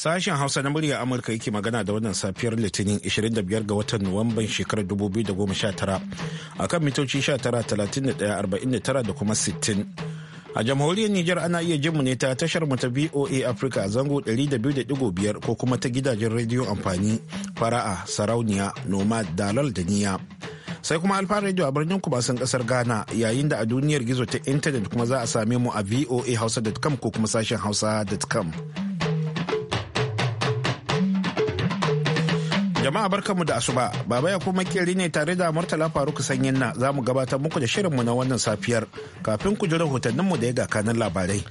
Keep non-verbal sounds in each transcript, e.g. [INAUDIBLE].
Sashen Hausa na muryar Amurka yake magana da wannan safiyar Litinin 25 ga watan Nuwamban shekarar 2019 a kan mitoci 19,31,49 da kuma 60. A jamhuriyar Nijar ana iya jin mu ne ta tashar mu ta VOA Africa zango 200.5 ko kuma ta gidajen rediyo amfani fara'a sarauniya nomad dalal da niya. sai kuma alfa radio a birnin kubasan kasar ghana yayin da a duniyar gizo ta intanet kuma za a same mu a voa hausa.com ko kuma sashen hausa.com Jama'a barkanmu da asuba, Baba ya kuma keri ne tare da Murtala Faruk Sanyin na za mu gabatar muku da shirinmu na wannan safiyar kafin ku ji rahotanninmu da ya ga kanan labarai.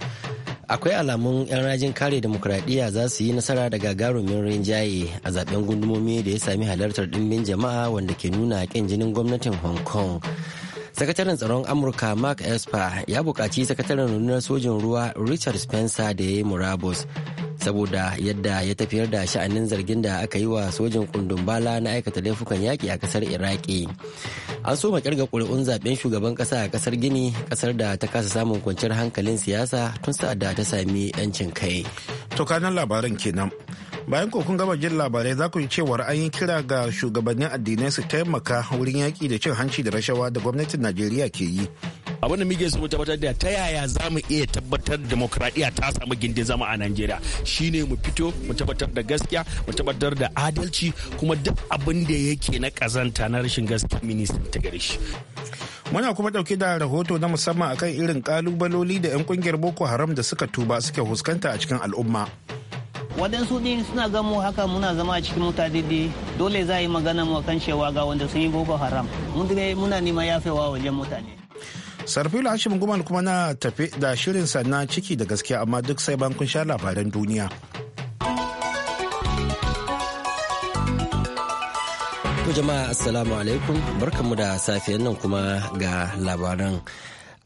Akwai alamun 'yan rajin kare demokuraɗiyya za su yi nasara da gagarumin rinjaye a zaben gundumomi da ya sami halartar dimbin jama'a wanda ke nuna ƙin jinin gwamnatin Hong Kong. Sakataren tsaron Amurka Mark Esper ya bukaci sakataren rundunar sojin ruwa Richard Spencer da ya yi murabus saboda yadda ya tafiyar da sha'anin zargin da aka yi wa sojin kundumbala na aikata laifukan yaƙi a kasar iraki an so kirga ƙuri'un zaben shugaban ƙasa a kasar gini ƙasar da ta kasa samun kwanciyar hankalin siyasa tun sa'ad da ta sami 'yancin kai to kanan labaran kenan bayan kokun gama jin labarai za ku yi cewar an yi kira ga shugabannin addinai su taimaka wurin yaƙi da cin hanci da rashawa da gwamnatin najeriya ke yi abinda muke so tabbatar da ta yaya za mu iya tabbatar demokradiyya ta samu gindin zama a najeriya shine mu fito mu tabbatar da gaskiya mu tabbatar da adalci kuma duk abin da yake na kazanta na rashin gaskiya minista ta gare shi muna kuma dauke da rahoto na musamman akan irin kalubaloli da 'yan kungiyar boko haram da suka tuba suke fuskanta a cikin al'umma wadansu din suna gamo haka muna zama a cikin mutane daidai dole za a yi magana mu kan cewa ga wanda sun yi boko haram mun muna neman yafewa wajen mutane sarfilu hashim gumal kuma na tafe da shirin na ciki da gaskiya amma duk sai bankun sha labaran duniya jama'a assalamu alaikum barkamu da safiyan nan kuma ga labaran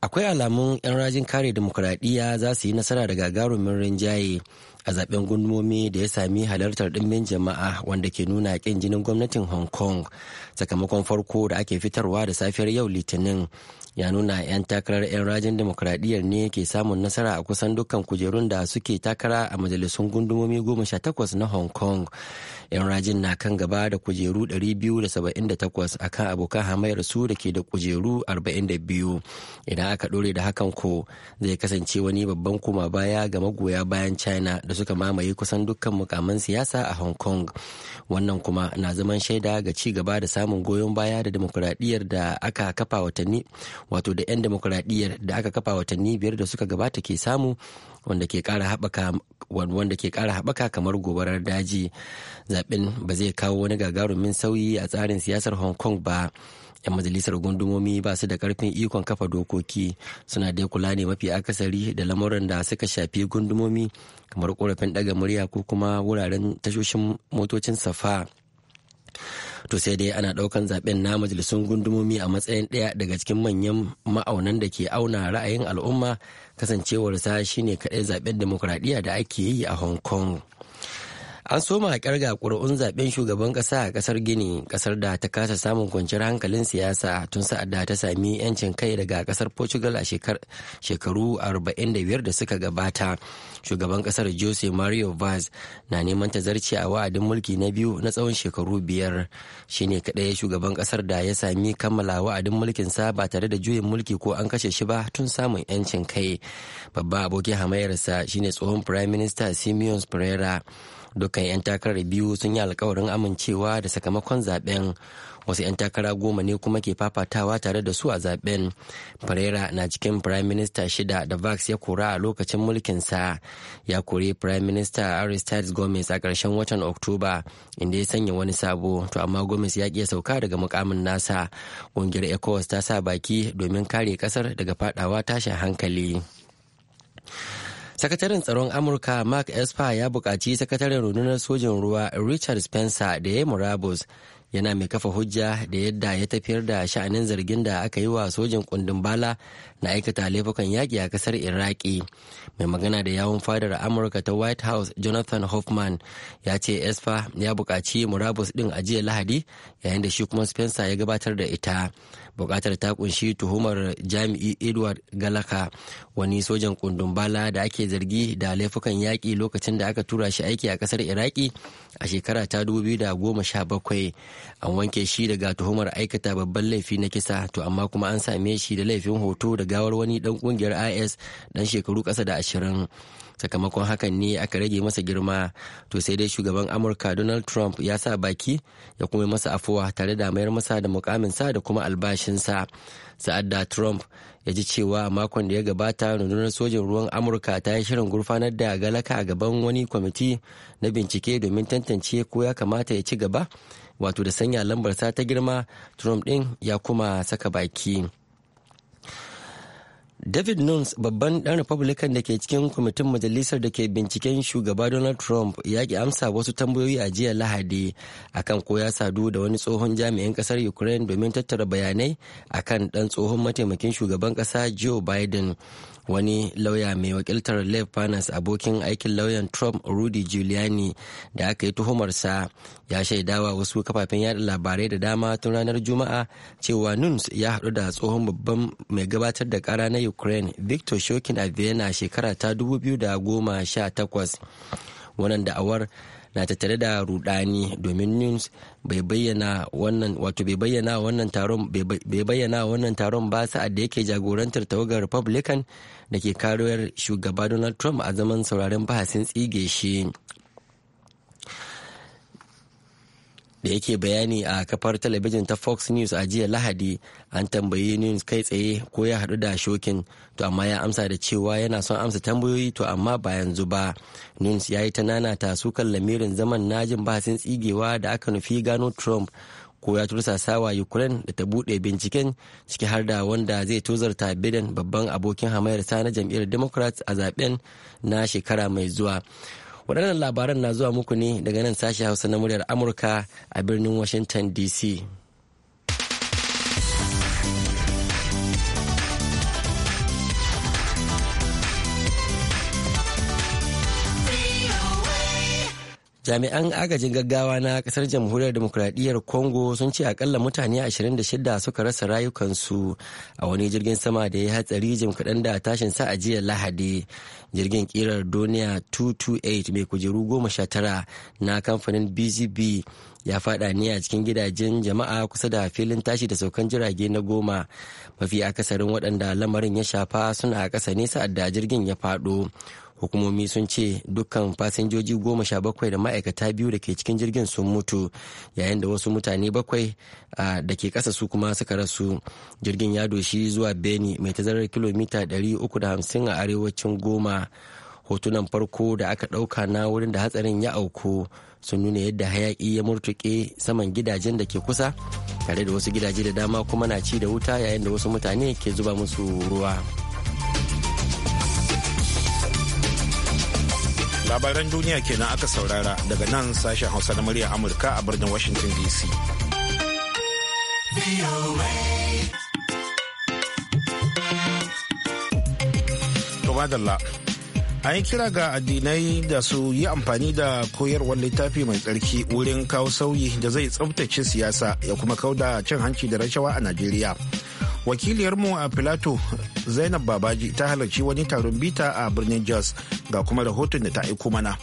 akwai alamun 'yan rajin kare demokuraɗiyya za su yi nasara da gagarumin rinjaye a zaɓen gundumomi da ya sami halartar ɗimbin jama'a wanda ke nuna ƙin jinin gwamnatin hong kong sakamakon farko da ake fitarwa da safiyar yau litinin ya nuna 'yan takarar 'yan rajin demokuraɗiyyar ne ke samun nasara a kusan dukkan kujerun da suke takara a majalisun gundumomi goma sha takwas na hong kong 'yan rajin na kan gaba da kujeru 278 a kan abokan hamayar su da ke da kujeru 42 idan aka ɗore da hakan ko zai kasance wani babban koma baya ga magoya bayan china da suka mamaye kusan dukkan mukaman siyasa a hong kong wannan kuma na zaman shaida ga ci gaba da samun goyon baya da demokuraɗiyyar da aka kafa watanni wato da 'yan demokuraɗiyyar da aka kafa watanni biyar da suka gabata ke samu wanda ke ƙara haɓaka kamar gobarar daji zaɓen ba zai kawo wani gagarumin sauyi a tsarin siyasar hong kong ba 'yan majalisar gundumomi ba su da karfin ikon kafa dokoki suna dai kula ne mafi akasari da lamuran da suka shafi gundumomi kamar korafin ɗaga murya ko kuma wuraren tashoshin motocin safa to sai dai ana ɗaukan zaben na majalisun gundumomi a matsayin ɗaya daga cikin manyan ma'aunan da ke auna ra'ayin al'umma kasancewarsa sa shine kaɗai zaben demokradiyya da ake yi a hong kong an soma a karga ƙuri'un zaben shugaban ƙasa a ƙasar gini ƙasar da ta kasa samun kwanciyar hankalin siyasa tun sa'ad da ta sami 'yancin kai daga ƙasar portugal a shekaru 45 da suka gabata shugaban ƙasar jose mario vaz na neman ta zarce a wa'adin mulki na biyu na tsawon shekaru biyar Shi ne kaɗai shugaban ƙasar da ya sami kammala wa'adin mulkin sa ba tare da juyin mulki ko an kashe shi ba tun samun 'yancin kai babba abokin hamayarsa shine tsohon prime minister simeon pereira dukkan 'yan takarar biyu sun yi alkawarin amincewa da sakamakon zaben wasu 'yan takara goma ne kuma ke fafatawa tare da su a zaben Pereira na cikin prime minister shida da Vax ya kura a lokacin mulkinsa ya kori prime minister Aristides Gomez a karshen watan Oktoba inda ya sanya wani sabo to amma Gomez ya ƙi sauka daga mukamin nasa ƙungiyar ECOWAS ta sa baki domin kare ƙasar daga fadawa tashin hankali. sakataren tsaron amurka mark esper ya buƙaci sakataren rundunar sojin ruwa richard spencer da ya yi murabus yana mai kafa hujja da yadda ya tafiyar da sha'anin zargin da aka yi wa sojin kundin bala na aikata laifukan yaƙi a ƙasar iraki mai magana da yawon fadar amurka ta white house jonathan hoffman ya ce esfa ya buƙaci murabus ɗin a jiya lahadi yayin da shi kuma spencer ya gabatar da ita buƙatar ta kunshi tuhumar jami'i edward galaka wani sojan kundin bala da ake zargi da laifukan yaƙi lokacin da aka tura shi aiki a ƙasar iraki a shekara ta 2017 an wanke shi daga tuhumar aikata babban laifi na kisa to amma kuma an same shi da laifin hoto da gawar wani dan kungiyar is dan shekaru kasa da ashirin sakamakon hakan ne aka rage masa girma to sai dai shugaban amurka donald trump ya sa baki ya kuma masa afuwa tare da mayar masa da mukaminsa da kuma albashinsa sa'ad da trump ya ji cewa makon da ya gabata rundunar sojin ruwan amurka ta yi shirin gurfanar da galaka a gaban wani kwamiti na bincike domin tantance ko ya kamata ya ci gaba wato da sanya lambarsa ta girma trump din ya kuma saka baki. David Nunes babban ɗan Republican da ke cikin kwamitin majalisar da ke binciken shugaba Donald Trump ya ki amsa wasu tambayoyi a jiya Lahadi akan ko ya sadu da wani tsohon jami'in ƙasar Ukraine domin tattara bayanai akan ɗan tsohon mataimakin shugaban ƙasa Joe Biden. wani lauya mai wakiltar lev finance abokin aikin lauyan trump rudy giuliani da aka yi tuhumarsa ya shaidawa wasu kafafen yada labarai da dama tun ranar juma'a cewa nuns ya hadu da tsohon babban mai gabatar da kara na ukraine victor shokin a vienna shekara ta 2018 wannan da'awar na tattare da rudani domin news bai bayyana wannan wato bai bayyana wannan taron bai bayyana wannan taron ba sa'ad da yake jagorantar tawagar republican da ke kariyar shugaba donald trump a zaman sauraren bahasin tsige shi da yake bayani a kafar talabijin ta fox news a jiya lahadi an tambayi news kai tsaye ko ya hadu da shokin to amma ya amsa da cewa yana son amsa tambayoyi to amma ba yanzu ba news ya yi ta nanata sukan lamirin zaman najin bahasin tsigewa da aka nufi gano trump ko ya tursasa wa ukraine da ta bude binciken ciki har da wanda zai tozarta biden babban abokin hamayar sa na jam'iyyar democrats a zaben na shekara mai zuwa waɗannan labaran na zuwa muku ne daga nan sashen hausa na muryar amurka a birnin washington dc jami'an agajin gaggawa na kasar jamhuriyar demokuraɗiyyar congo sun ce akalla mutane 26 suka rasa rayukansu a wani jirgin sama da ya hatsari jim kaɗan da tashin sa a jiya lahadi jirgin kirar duniya 228 mai kujeru 19 na kamfanin bgb ya faɗa ne a cikin gidajen jama'a kusa da filin tashi da saukan jirage na goma mafi akasarin waɗanda lamarin ya shafa suna a ƙasa ne sa'ad da jirgin ya faɗo hukumomi sun ce dukkan fasinjoji goma sha bakwai da ma'aikata biyu da ke cikin jirgin sun mutu yayin da wasu mutane bakwai da ke ƙasa su kuma suka rasu jirgin ya doshi zuwa beni mai tazarar kilomita 350 a arewacin goma hotunan farko da aka ɗauka na wurin da hatsarin ya auku sun nuna yadda hayaƙi ya murtuƙe saman gidajen da ke kusa tare da wasu gidaje da dama kuma na ci da wuta yayin da wasu mutane ke zuba musu ruwa. labaran duniya kenan aka saurara daga nan sashen hausa na murya amurka a birnin washington dc a an yi kira ga addinai da su yi amfani da koyarwar littafi mai tsarki wurin kawo sauyi da zai tsabtace siyasa ya kuma kauda cin hanci da rashawa a najeriya wakiliyarmu a filato zainab babaji ta halarci wani taron bita a birnin jos ga kuma rahoton da ta aiko mana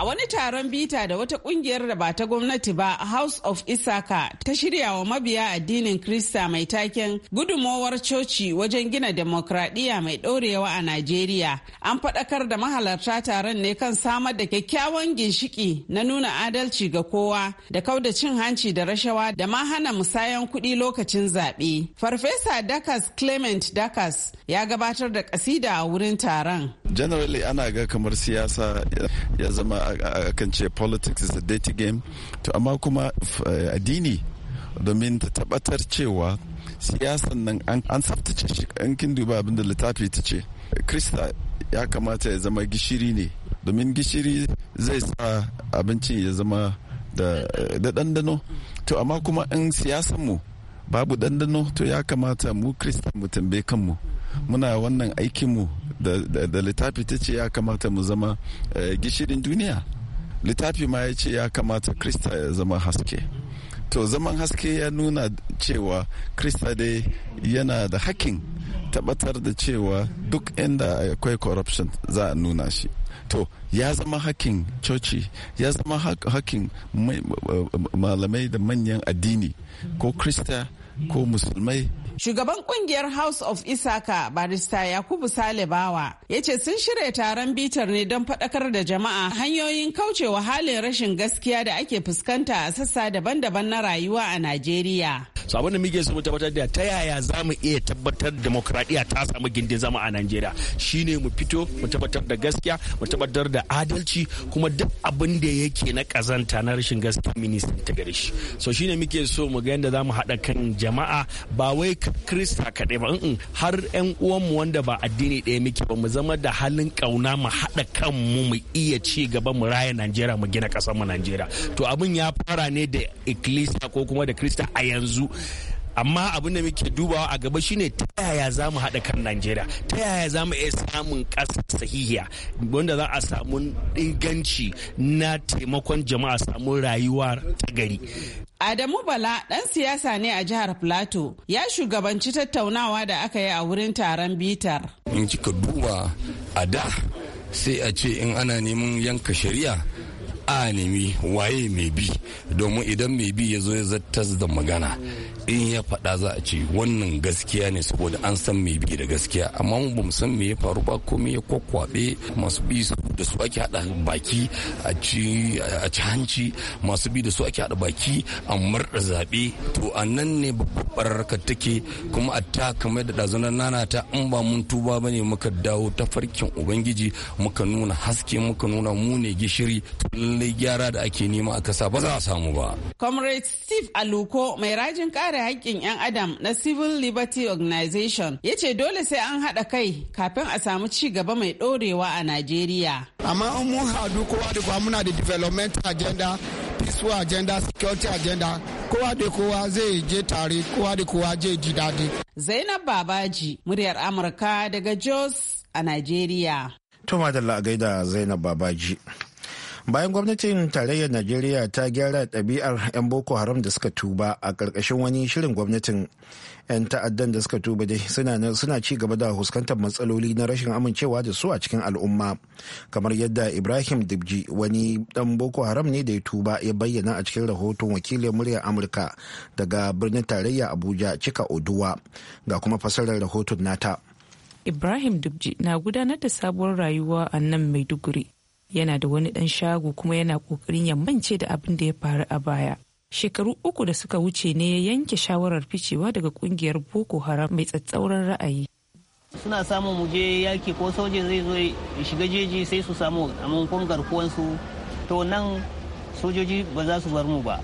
A wani taron bita da wata kungiyar da ba ta gwamnati ba House of Isaka ta shirya wa mabiya addinin Krista mai taken gudumowar coci wajen gina demokradiyya mai ɗorewa a Najeriya. An faɗakar da mahalarta taron ne kan samar da kyakkyawan ginshiki na nuna adalci ga kowa da kauda cin hanci da rashawa da ma hana musayan kuɗi lokacin zaɓe. Farfesa Dakas Clement Dakas ya gabatar da kasida a wurin taron. Generally ana ga kamar siyasa ya zama akan ce politics is a dirty game to amma kuma eh, addini domin ta tabbatar cewa siyasan nan an tsaftace shi an kin duba abin da littafi ta ce krista ya kamata ya zama gishiri ne domin gishiri zai sa abincin ya zama da dandano to amma kuma in siyasan mu babu dandano to ya kamata mu krista mu tambaye kanmu muna wannan aikin mu. da littafi ta ce ya kamata mu zama eh, gishirin duniya littafi ma ya ce ya kamata krista ya zama haske to zaman haske ya nuna cewa krista dai yana da hakkin tabbatar da cewa duk inda akwai corruption za a nuna shi to ya zama hakkin coci ya zama hakkin eh, malamai da manyan addini ko krista ko musulmai Shugaban kungiyar House of Isaka barista Yakubu Salibawa, Bawa ya ce sun shirya taron bitar ne don faɗakar da jama'a hanyoyin kaucewa halin rashin gaskiya da ake fuskanta a sassa daban-daban na rayuwa a Najeriya. so abin da muke so mu tabbatar da ta yaya za mu iya tabbatar demokradiyya ta samu gindin zama a Najeriya shine mu fito mu tabbatar da gaskiya mu tabbatar da adalci kuma duk abin da yake na kazanta na rashin gaskiya minista ta gare shi so shine muke so mu ga yadda za mu haɗa kan jama'a ba wai krista kaɗai ba har 'yan uwanmu wanda ba addini ɗaya muke ba mu zama da halin kauna mu haɗa kanmu mu iya ci gaba mu raya Najeriya mu gina kasar mu Najeriya to abin ya fara ne da ikkilisiya ko kuma da krista a yanzu amma abin da muke dubawa a gaba shine ta yaya za mu haɗa kan najeriya ta yaya za mu iya samun ƙasa sahihiya wanda za a samu inganci na taimakon jama'a samun rayuwa ta gari Adamu Bala ɗan siyasa ne a jihar Plateau ya shugabanci tattaunawa da aka yi a wurin taron bitar. In kika duba a da sai a ce in ana neman yanka shari'a a nemi waye mai bi domin idan mai bi ya zo ya zartas da magana in ya faɗa za a ce wannan gaskiya ne saboda an san me bi da gaskiya amma mu bamu san me ya faru ba ko me ya kwakwabe masu bi da su ake haɗa baki a ci hanci masu bi da su ake haɗa baki a murɗa zaɓe to a nan ne babbar take kuma a ta kamar da ɗazunan nana ta in ba mun tuba ba ne muka dawo ta farkin ubangiji muka nuna haske muka nuna mu ne gishiri to lallai gyara da ake nema a kasa ba za a samu ba. comrade steve aluko mai rajin kare kare haƙƙin 'yan adam na Civil Liberty Organization ya ce dole sai an haɗa kai kafin a samu ci gaba mai ɗorewa a Najeriya. Amma an mun haɗu kowa da kowa muna da development agenda, peaceful agenda, security agenda, kowa da kowa zai je tare, kowa da kowa zai ji daɗi. Zainab Babaji, muryar Amurka daga Jos a Najeriya. Tuma da a gaida Zainab Babaji. bayan gwamnatin tarayyar najeriya ta gyara ɗabi'ar 'yan boko haram da suka tuba a ƙarƙashin wani shirin gwamnatin 'yan ta'addan da suka tuba dai suna ci gaba da huskantar matsaloli na rashin amincewa da su a cikin al'umma kamar yadda ibrahim dibji wani ɗan boko haram ne da ya tuba ya bayyana a cikin rahoton wakilin muryar amurka daga birnin tarayya abuja cika oduwa ga kuma fasarar rahoton nata ibrahim Dubji na gudanar da sabuwar rayuwa a nan maiduguri yana da wani ɗan shago kuma yana ƙoƙarin ya mance da abin da ya faru a baya. Shekaru uku da suka wuce ne ya yanke shawarar ficewa daga ƙungiyar Boko Haram mai tsatsauran ra'ayi. Suna samun muje yaki ko sojin zai zo shiga jeji sai su samu amon garkuwansu to nan sojoji ba za su bar mu ba.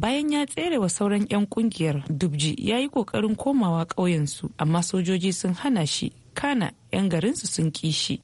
bayan ya tsere wa sauran 'yan kungiyar dubji ya yi kokarin komawa ƙauyensu amma sojoji sun hana shi kana 'yan garinsu sun kishi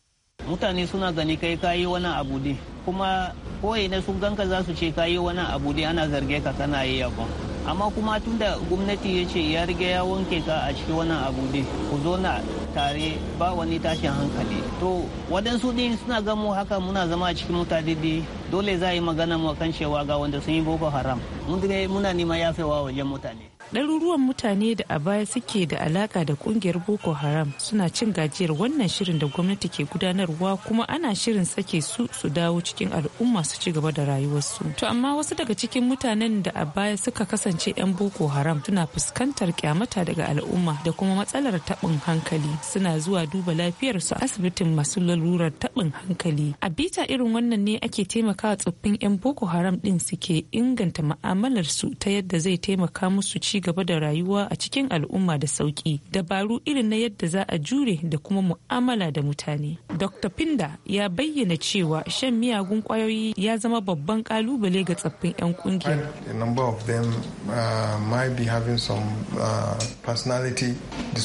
mutane suna gani kai kayi wani abu ne kuma koyi na sun ganka za su ce kayi wani abu ne ana zarge ka kana yi yabon amma kuma tun da gwamnati ya ce ya riga ya wanke ka a cikin wani abu ne ku zo na tare ba wani tashin hankali to waɗansu ɗin suna gamo haka muna zama a cikin mutane ne dole za a yi magana mu kan cewa ga wanda sun yi boko haram mun muna neman yafewa wajen mutane ɗaruruwan mutane da a baya suke da alaka da ƙungiyar boko haram suna cin gajiyar wannan shirin da gwamnati ke gudanarwa kuma ana shirin sake su su dawo cikin al'umma su ci gaba da rayuwarsu to amma wasu daga cikin mutanen da a baya suka kasance 'yan boko haram suna fuskantar kyamata daga al'umma da kuma matsalar taɓin hankali suna zuwa duba lafiyarsu asibitin masu lalurar taɓin hankali a bita irin wannan ne ake taimakawa tsoffin 'yan boko haram ɗin suke inganta ma'amalarsu ta yadda zai taimaka musu ci gaba da rayuwa a cikin al'umma da sauki dabaru irin na yadda za a jure da kuma mu'amala da mutane dr pinda ya bayyana cewa shan miyagun kwayoyi ya zama babban kalubale ga tsaffin 'yan kungiyar uh,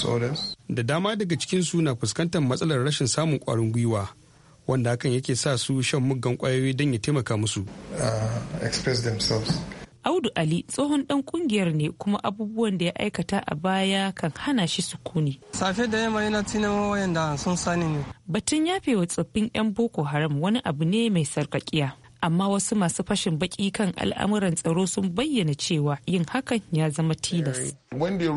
uh, da dama daga su na fuskantar matsalar rashin samun kwarin gwiwa wanda hakan yake sa su shan muggan kwayoyi don ya taimaka musu. Uh, express themselves. audu ali tsohon dan kungiyar ne kuma abubuwan da ya aikata a baya kan hana shi sukuni safe da yamma yana tunawa wayanda sun sani ne batun yafewa tsoffin yan boko haram wani abu ne mai sarkakiya amma wasu masu fashin baki kan al'amuran tsaro sun bayyana cewa yin hakan ya zama tilas when they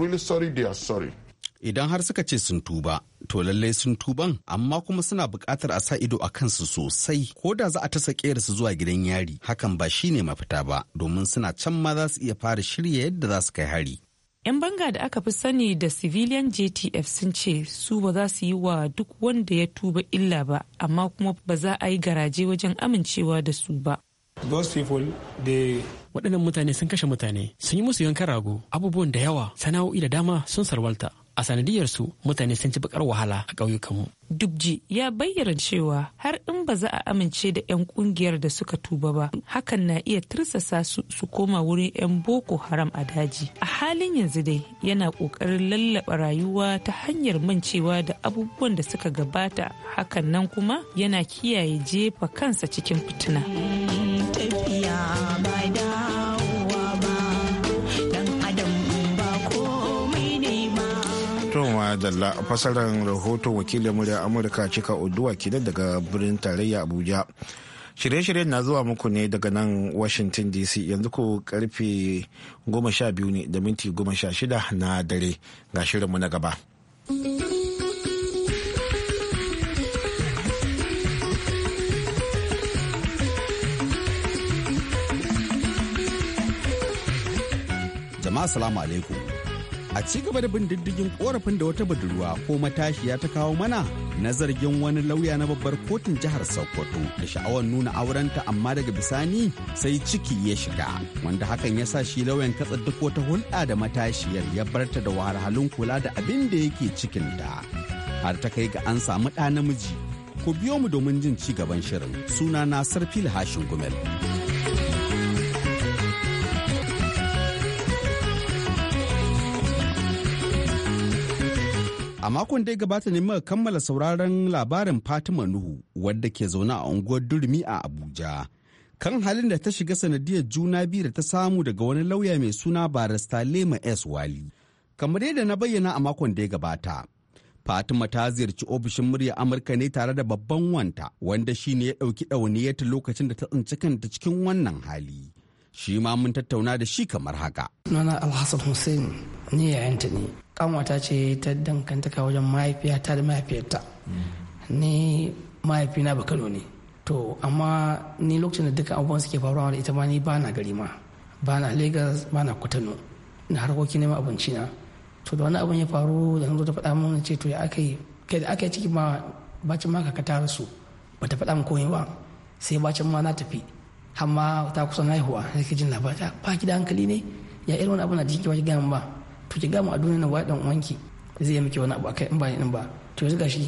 idan har suka ce sun tuba to lallai sun tuban amma kuma suna buƙatar a sa ido a kansu sosai ko da za a ta su zuwa gidan yari hakan ba shi shine mafita ba domin suna can ma za su iya fara shirya yadda za su kai hari 'Yan banga da aka fi sani da civilian JTF sun ce su ba za su yi wa duk wanda ya tuba illa ba amma kuma ba za a yi garaje wajen amincewa da su ba. waɗannan mutane sun kashe mutane sun yi musu yankan rago abubuwan da yawa sana'o'i da dama sun sarwalta a sanadiyarsu mutane sun ci bakar wahala a ƙauyukanmu. Dubji ya bayyana cewa har in ba za a amince da 'yan ƙungiyar da suka tuba ba hakan na iya tirsasa su su koma wurin 'yan boko haram a daji. A halin yanzu dai yana ƙoƙarin lallaɓa rayuwa ta hanyar mancewa da abubuwan da suka gabata hakan nan kuma yana kiyaye jefa kansa cikin fitina. to madalla fasarar rahoton wakilin murya amurka cika Uduwa kidan daga birnin tarayya abuja shirye-shiryen na zuwa muku ne daga nan washington dc yanzu ko karfe 12 ne da minti 16 na dare ga shirinmu na gaba jama'a salamu alaikum a ci gaba da bin diddigin korafin da wata budurwa ko matashiya ta kawo mana na zargin wani lauya na babbar kotun jihar sokoto da sha'awar nuna aurenta amma daga bisani sai ciki ya shiga wanda hakan ya sa shi lauyan katsa duk wata hulɗa da matashiyar ya barta da wahalhalun kula da abin da yake cikinta har ta kai ga an samu ɗa namiji ku biyo mu domin jin ci gaban shirin suna na sarfil hashin gumel. makon da ya gabata ne muka kammala sauraron labarin Fatima Nuhu wadda ke zaune a unguwar Durmi a Abuja. Kan halin da ta shiga sanadiyar juna biyu da ta samu daga wani lauya mai suna barista Lema S. Wali. Kamar yadda na bayyana a makon da ya gabata, Fatima ta ziyarci ofishin murya Amurka ne tare da babban wanta wanda shi ne ya ɗauki ɗauniyarta lokacin da ta tsinci kanta cikin wannan hali. Shi ma mun tattauna da shi kamar haka. Nana Alhassan Hussein ni yanta ne. kanwata ce ta dankantaka wajen mahaifiyata da mahaifiyarta ni mahaifina ba kano ne to amma ni lokacin da dukkan abubuwan suke faruwa da ita ma ni ba na gari ma ba na lagos ba na kwatano na harkoki neman abinci na to da wani abin ya faru da zo ta faɗa mun ce to ya aka yi kai da aka yi ciki ma bacin ma ka tara su ba ta faɗa min komai ba sai bacin ma na tafi amma ta na haihuwa sai ke jin labarin ah, ba ki da hankali ne ya irin wani abu na jiki ba ki gaya ba to ki gama a duniya na wadan wanki zai yi miki wani abu akai in ba in ba to yanzu gashi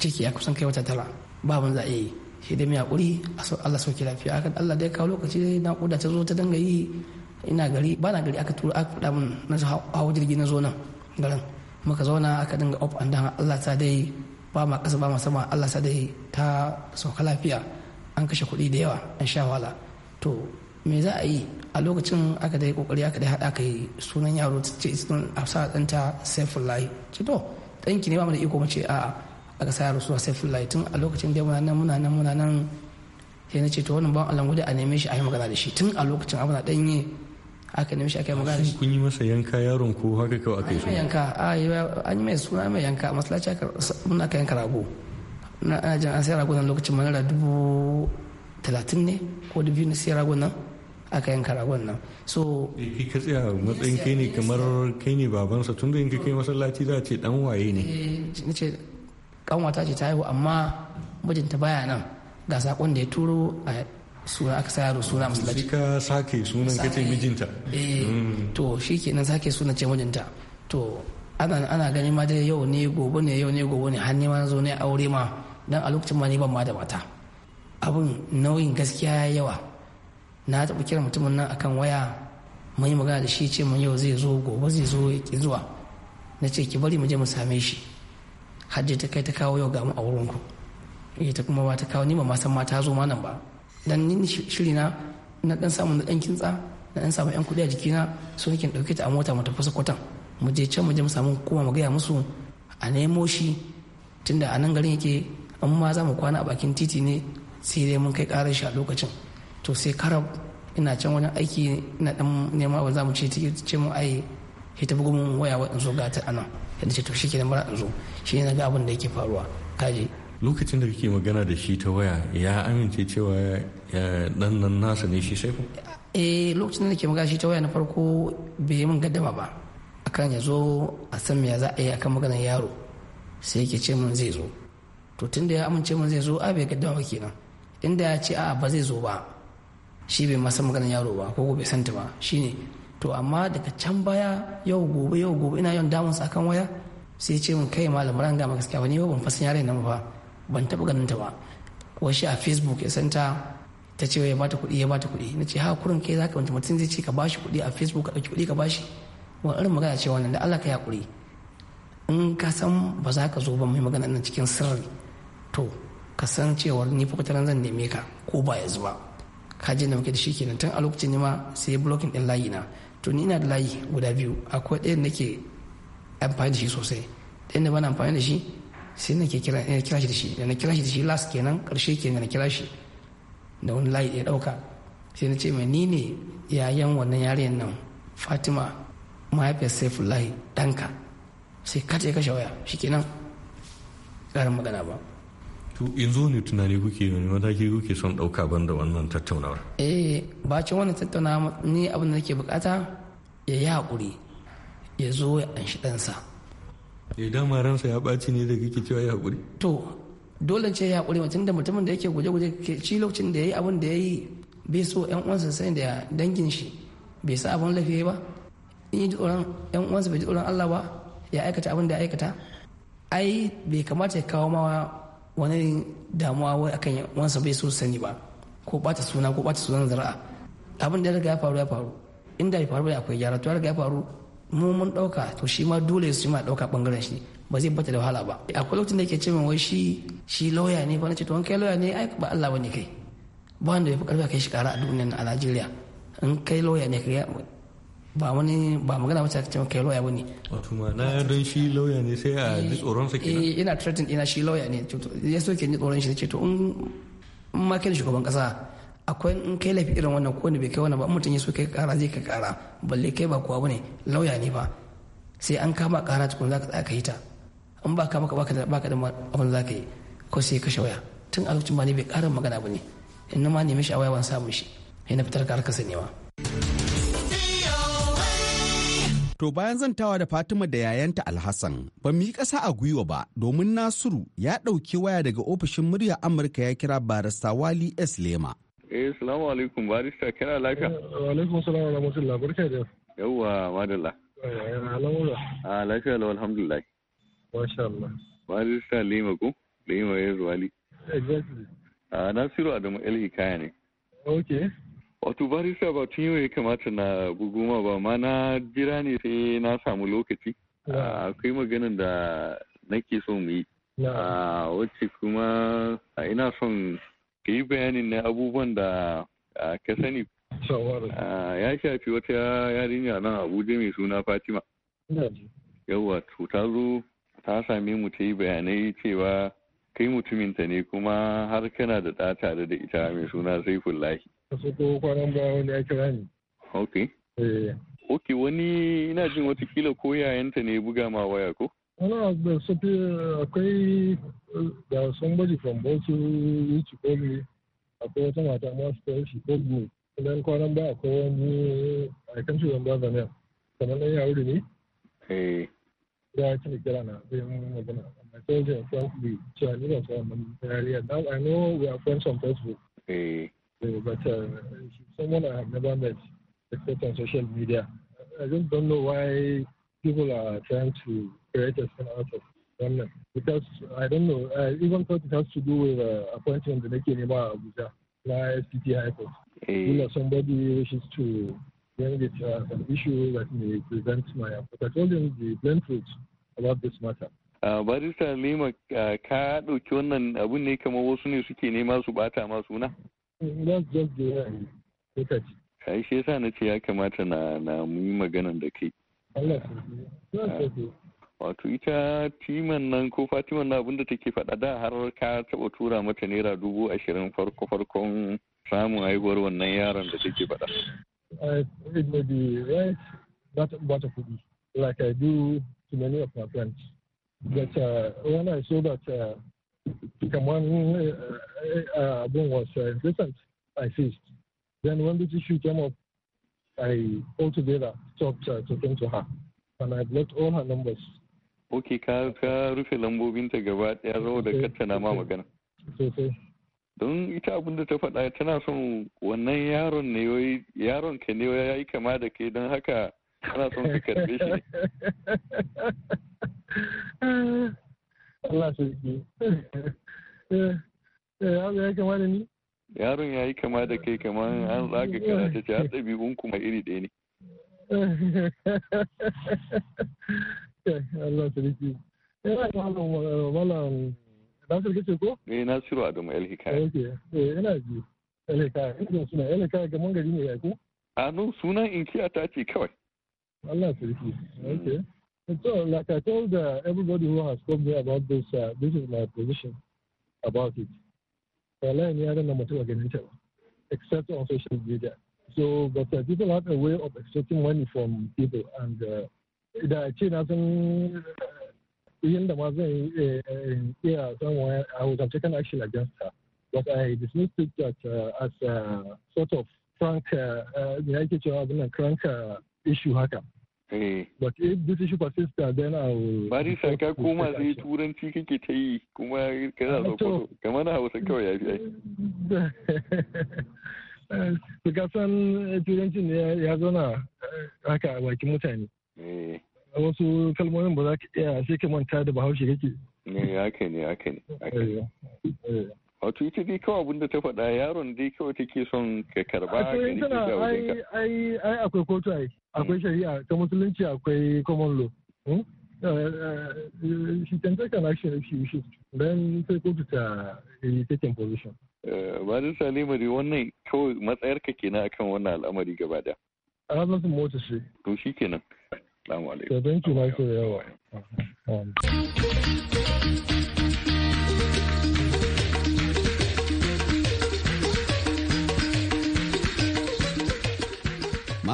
ciki ya kusan kai wata tara ba mun za a yi shi dai mai hakuri Allah sauke lafiya akan Allah dai kawo lokaci na kuda ta zo ta danga yi ina gari ba na gari aka tura aka fada mun na hawo jirgi na zo nan garin muka zauna aka dinga up and down Allah ta dai ba ma kasa ba ma sama Allah sa dai ta sauka lafiya an kashe kuɗi da yawa an sha wahala to me za a yi a lokacin aka dai kokari aka dai haɗa kai sunan yaro ta ce sun hafsa ɗanta saifullahi ce to danki ne ba mu da iko mace a aka sa yaro suna saifullahi tun a lokacin dai muna nan muna nan muna nan sai na ce to wannan ban Allah gudu a neme shi a yi magana da shi tun a lokacin abuna dan yi aka neme shi aka yi magana da shi kun yi masa yanka yaron ko haka kawai aka yi suna yanka an yi mai suna mai yanka a masallaci muna kai yanka rago na ajin an sai rago nan lokacin manara dubu talatin ne ko dubu biyu na sai rago nan aka yanka ragon nan so eh, ki ka tsaya matsayin kai ne kamar kai ne babansa tun da yanka kai masallaci za a ce dan waye ne kan eh, wata ce ta haihu amma mijinta baya nan ga sakon da ya turo a suna aka sa yaro suna masallaci ka sake sunan kace mijinta eh mm. to shikenan sake sunan ce mijinta to ana ana gani ma dai yau ne gobe ne yau ne gobe ne har ne ma zo ne aure ma dan a lokacin ma ni ban ma da mata abun nauyin gaskiya ya yawa na taɓa kira mutumin nan akan waya mun yi magana da shi ce mun yau zai zo gobe zai zo ya zuwa na ce ki bari mu je mu same shi hajji ta kai ta kawo yau ga mu a wurin ku ita kuma ba ta kawo ni ba ma san ma ta zo ma nan ba dan ni shiri na na dan samu na dan kintsa na dan samu yan kuɗi a jikina so nake dauke ta a mota mu tafi Sokoto mu je can mu je mu samu kuma mu gaya musu a nemo shi tunda a nan garin yake amma za mu kwana a bakin titi ne sai dai mun kai karar shi a lokacin to sai karab ina can wani aiki na dan nema ba za mu ce ce mu ai shi ta bugun waya waɗansu gata anan yadda ce to shi kenan mara zo shi ne ga abin da yake faruwa kaje lokacin da kake magana da shi ta waya ya amince cewa dan nan nasa ne shi sai eh lokacin da nake magana shi ta waya na farko bai min gaddama ba akan ya zo a san me za a yi akan maganar yaro sai yake ce min zai zo to tunda ya amince min zai zo a bai gaddama ba kenan inda ya ce a'a ba zai zo ba shi bai masa maganar yaro ba ko bai santa ba shine to amma daga can baya yau gobe yau gobe ina yawan damun akan waya sai ce min kai malam ran ga gaskiya wani ban fasa yare nan ba ban taba ganin ta ba shi a facebook ya santa ta ce ya bata kuɗi ya bata kuɗi na ce ha kurin kai zaka wanda mutum zai ce ka bashi kuɗi a facebook ka ɗauki kuɗi ka bashi wani irin magana ce wannan da Allah ka yaƙuri in ka san ba za ka zo ba mai magana nan cikin sirri to ka san cewar ni fa zan neme ka ko ba ya ba Ka ji da muke da shi kenan tun a lokacin ne ma sai ya blocking din layi na to ni ina da layi guda biyu akwai ɗaya nake amfani da shi sosai ɗaya da bana amfani da shi sai na ke kira shi da shi da na kira shi da shi last kenan karshe kenan na kira shi da wani layi ya ɗauka sai na ce mai ni ne yayan wannan yaren nan fatima mahaifiyar layi ɗanka sai kace kashe waya shi kenan ƙarin magana ba to yanzu ne tunani kuke yi wani mataki kuke son ɗauka banda wannan tattaunawar eh bacin wannan tattaunawa ne abin da nake bukata ya yi haƙuri ya zo ya anshi ɗansa ya eh, dama ransa ya ɓaci ne da kake cewa ya haƙuri to dole ce ya haƙuri mutum da mutumin da yake guje-guje ci lokacin da ya yi abin da ya yi bai so yan uwansa sai da dangin shi bai sa abin lafiya ba in yi tsoron yan uwansa bai ji tsoron Allah ba ya aikata abin da ya aikata ai bai kamata ya kawo mawa. wani damuwa wai akan wansa bai so sani ba ko bata suna ko bata sunan zara'a abin da ya riga ya faru ya faru inda ya faru bai akwai gyara to ya riga ya faru mu mun dauka to shi ma dole su ma dauka bangaren shi ba zai bata da wahala ba akwai lokacin da yake ce min wai shi shi lawyer ne ba na ce to kai lawyer ne ai ba Allah bane kai ba wanda ya fi karfi kai shi kara a duniyar a Najeriya in kai lawyer ne kai ba wani ba magana wacce ta ce kai lauya bane wato ma na don shi lauya ne sai a ji eh, tsoron sa kenan eh ina threaten ina shi lauya ne ya so ke ni tsoron shi ce to in ma kai shugaban kasa akwai in kai lafi irin wannan ko ne bai kai wannan ba mutum ya so kai kara zai ka kara balle kai ba kuwa bane lauya ne ba sai an kama kara tukun zaka tsaya ka yi ta in ba ka maka baka da baka da abin zaka yi ko sai ka shawaya tun a lokacin ba ne bai kara magana bane in na ma neme shi a waya ban samu shi ina fitar ka harkar sanewa. To bayan zantawa da Fatima da yayanta Alhassan, ba mu yi ƙasa a gwiwa ba domin Nasiru ya ɗauki waya daga ofishin murya Amurka ya kira barista Wali S. Lema. Eh, salamu alaikum barista kana lafiya? Eh, wa alaikum salam wa rahmatullah barka da. Yawwa madalla. Eh, a ah, lafiya lau alhamdulillah. Masha Allah. Barista Lema ko? Lema ya Wali. Exactly. Ah, Nasiru Adamu El Hikaya ne. Okay. Wato barista ba tun yau ya kamata na guguma ba ma na jira ne sai na samu lokaci. Ah, akwai maganin da nake so mu yi. Ah, wacce kuma ah, ina son ka yi bayanin na abubuwan da ka sani. Ya shafi wata yarinya nan Abuja mai suna Fatima. Yawwa to ta zo ta same mu ta yi bayanai cewa kai mutuminta ne kuma har kana da ɗa tare da ita mai suna sai Saifullahi. su ko kwanan ba wani ya kira ni. Ok. Eh. Ok wani ina jin watakila ko yayanta ne buga ma waya ko? wani da safi akwai da somebody from Bauchi which called me akwai wata mata ma su shi ko me. idan kwanan ba akwai wani a kan shi zamba ne, kamar ɗan yawuri ne? Eh. Ya ci kira na zai mun magana. I told him frankly, so I knew that I'm a Now I know we are friends on Facebook. Eh. but uh, someone I have never met except on social media. I just don't know why people are trying to create a scene out of them because I don't know. I even thought it has to do with uh, appointment the next of Abuja by SPT High Court. Eh. You know, somebody wishes to bring it uh, an issue that may prevent my appointment. I told him the plain truth about this matter. Uh, barista lima uh, ka ɗauki wannan abun ne kamar wasu ne suke nema su bata ma suna? That's just the Ai shi yasa na ce ya kamata na na yi maganan da kai. Ah. Wato ita timan nan ko Fatiman na abinda take faɗa da har ka taɓa tura mata naira dubu ashirin farko farkon samun haihuwar wannan yaron da take faɗa. It eh, may be right, eh, but wata kuɗi. Like I do to many of my friends. But uh, when I saw that uh, kamar eh, eh, abin was uh, I faced. Then when this issue came up, I altogether stopped uh, talking to her and I blocked all her numbers. Ok, ka rufe lambobinta gaba ɗaya saboda kattana ma magana. Don ita abin da ta faɗa tana son wannan yaron ne yaron ka ne ya yi kama da kai don haka tana son ka karbe shi. [LAUGHS] Allah sarki. Yaro eh, eh, ya kama da ni? Yaron ya yi kama da kai kamar an zaga eh, karata ce har unku kuma iri ɗaya ne. Allah sarki. Yana da malam Nasir kace ko? Eh Nasiru Adamu El Hikaya. Okay. Eh yana ji. El Hikaya. Ina suna El Hikaya gaman gari ne ya ko? A sunan inkiya ta ce kawai. Allah sarki. Okay. And so, like I told uh, everybody who has told me about this, uh, this is my position about it. Except on social media. So, but uh, people have a way of extracting money from people, and uh, the chain hasn't. In uh, the Mazin, uh, yeah, somewhere I would have taken action against her, but I dismissed it that, as a sort of frank, uh, uh, crank issue. Eh. ba ke British persistent then I will Barisa ka koma sai turanci kake ta yi kuma kana sokoto kamar na Hausa kawai ya fi ai [LAUGHS] to ka san eh, turanci ne ya zauna eh, haka a bakin mutane wasu kalmomin ba za ka iya sai ka manta da bahaushe kake ne haka ne haka ne wato ita dai kawai abinda ta faɗa yaron dai kawai take son ka karba ga ni da wajenka ai ai akwai kotu ai akwai mm. shari'a ta musulunci akwai common law hmm? eh, eh, she can ta an action shi shi wishes sai kotu ta yi taking position eh, ba da salima dai wannan kawai matsayar ka kenan akan wannan al'amari gaba da a nasu mota shi to shi kenan assalamu alaikum to thank you yawa um,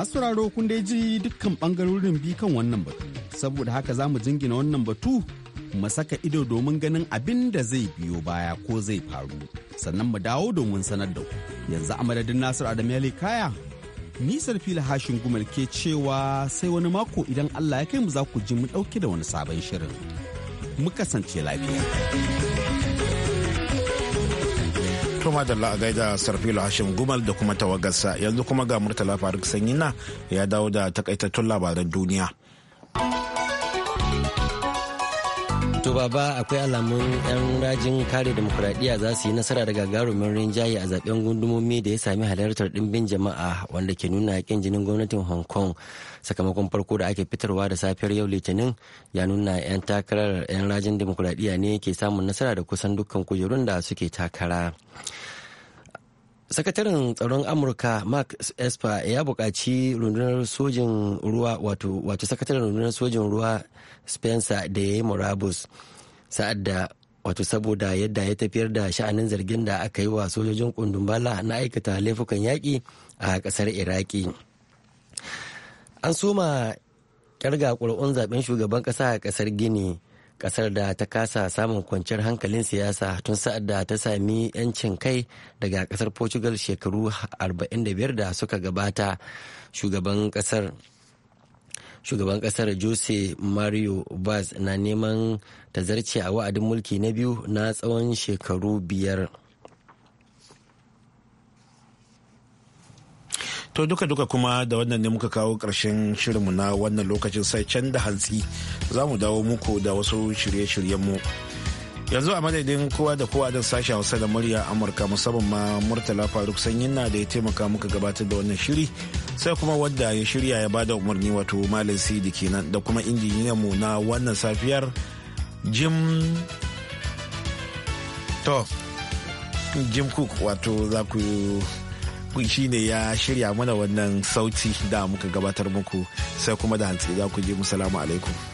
Masu sauraro kun dai ji dukkan bangarorin bi kan wannan batu, saboda haka za mu jingina wannan batu mu saka ido domin ganin abin da zai biyo baya ko zai faru sannan mu dawo domin sanar da ku yanzu a madadin nasiru adam kaya nisar fila hashin gumal ke cewa sai wani mako idan allah ya kai mu za ku ji mu dauke da wani sabon shirin mu kasance lafiya kuma da a gaida sarfilo hashim gumal da kuma tawagarsa yanzu kuma ga murtala faruk sanyina ya dawo da takaitattun labaran duniya. To baba akwai alamun 'yan rajin kare demokuraɗiyya za su yi nasara da gagarumin rinjaye a zaɓen gundumomi da ya sami halartar ɗimbin jama'a wanda ke nuna yakin jinin gwamnatin Hong Kong. Sakamakon farko da ake fitarwa da safiyar yau Litinin ya nuna 'yan takarar 'yan rajin demokuraɗiyya ne ke samun nasara da kusan dukkan kujerun da suke takara. sakataren tsaron amurka mark esper ya buƙaci rundunar sojin ruwa wato wato sakataren rundunar sojin ruwa spencer da ya yi murabus sa'ad da wato saboda yadda ya tafiyar da sha'anin zargin da aka yi wa sojojin kundumbala na aikata laifukan yaƙi a ƙasar iraki an soma ga ƙuri'un zaɓen shugaban ƙasa a ƙasar gini kasar da ta kasa samun kwanciyar hankalin siyasa tun sa'ad da ta sami 'yancin kai daga kasar portugal shekaru 45 da suka gabata shugaban kasar shugaban kasar jose mario vaz na neman tazarce a wa'adin mulki na biyu na tsawon shekaru biyar. To duka-duka kuma da wannan ne muka kawo ƙarshen shirinmu na wannan lokacin sai can da hantsi za mu dawo muku da wasu shirye shiryen mu. Yanzu a madadin kowa da kowa don sashen Hausa da murya Amurka musamman ma Murtala Faruk Sanyin na da ya taimaka muka gabatar da wannan shiri sai kuma wadda ya shirya ya bada umarni wato Malam Sidi kenan da kuma mu na wannan safiyar Jim To, Jim Cook wato za ku shi ne ya shirya mana wannan sauti da muka gabatar muku sai kuma da hantsi za ku je mu salamu alaikum